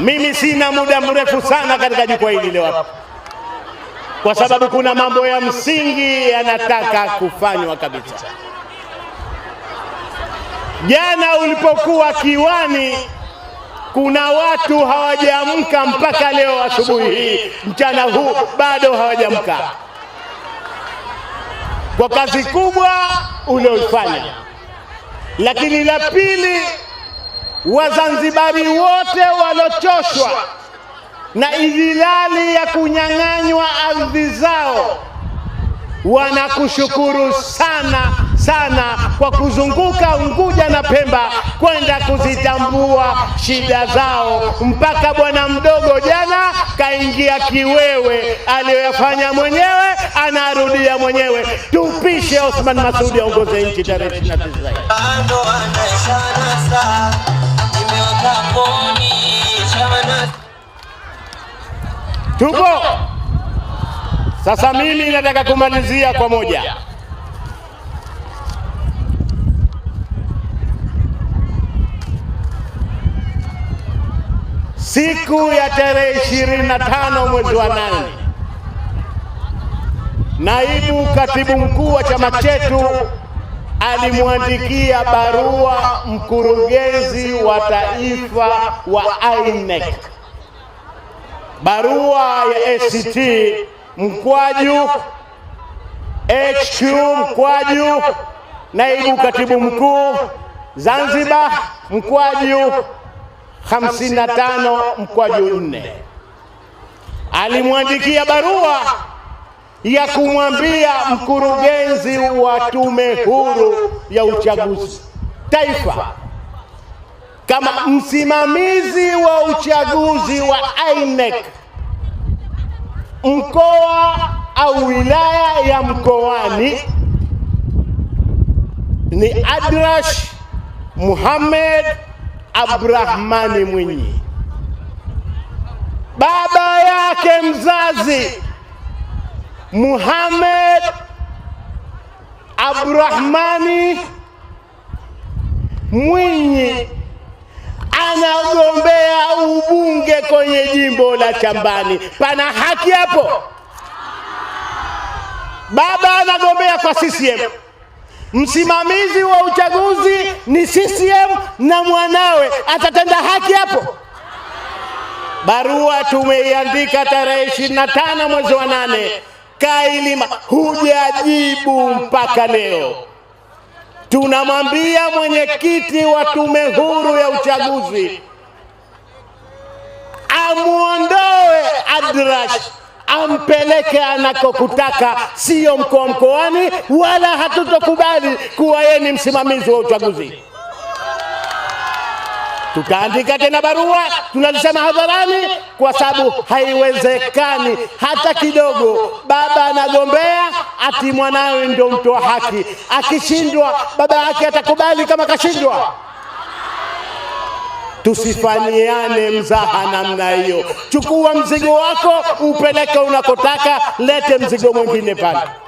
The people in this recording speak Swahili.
Mimi sina muda mrefu sana katika jukwaa hili leo hapa, kwa sababu kuna mambo ya msingi yanataka kufanywa kabisa. Jana ulipokuwa Kiwani, kuna watu hawajaamka mpaka leo asubuhi hii, mchana huu bado hawajaamka kwa kazi kubwa ulioifanya. Lakini la pili Wazanzibari wote walochoshwa na idhilali ya kunyang'anywa ardhi za wanakushukuru sana sana kwa kuzunguka Unguja na Pemba kwenda kuzitambua shida zao, mpaka bwana mdogo jana kaingia kiwewe. Aliyoyafanya mwenyewe anarudia mwenyewe. Tupishe Othman Masudi aongoze nchi tarehe 29 tupo sasa mimi nataka kumalizia kwa moja. Siku ya tarehe ishirini na tano mwezi wa nane, naibu katibu mkuu wa chama chetu alimwandikia barua mkurugenzi wa taifa wa INEC, barua ya ACT mkwaju HQ mkwaju naibu katibu mkuu Zanzibar mkwaju 55 mkwaju 4 alimwandikia barua ya kumwambia mkurugenzi wa Tume Huru ya Uchaguzi Taifa kama msimamizi wa uchaguzi wa INEC mkoa au wilaya ya Mkoani ni Adrash Muhammad Abrahmani Mwinyi. Baba yake mzazi Muhammad Abrahmani Mwinyi ana kwenye jimbo la Chambani pana haki hapo? Baba anagombea kwa CCM, msimamizi wa uchaguzi ni CCM na mwanawe atatenda haki hapo? Barua tumeiandika tarehe 25 mwezi wa nane, Kailima hujajibu mpaka leo. Tunamwambia mwenyekiti wa tume huru ya uchaguzi amwondoe Adrash ampeleke anakokutaka, siyo mkoa mkoani, wala hatutokubali kuwa yeye ni msimamizi wa uchaguzi. Tutaandika tena barua, tunalisema hadharani, kwa sababu haiwezekani hata kidogo. Baba anagombea ati mwanawe ndio wa haki, akishindwa baba yake atakubali kama kashindwa? tusifanyiane mzaha namna hiyo. Chukua mzigo wako upeleke unakotaka, lete mzigo mwingine pale.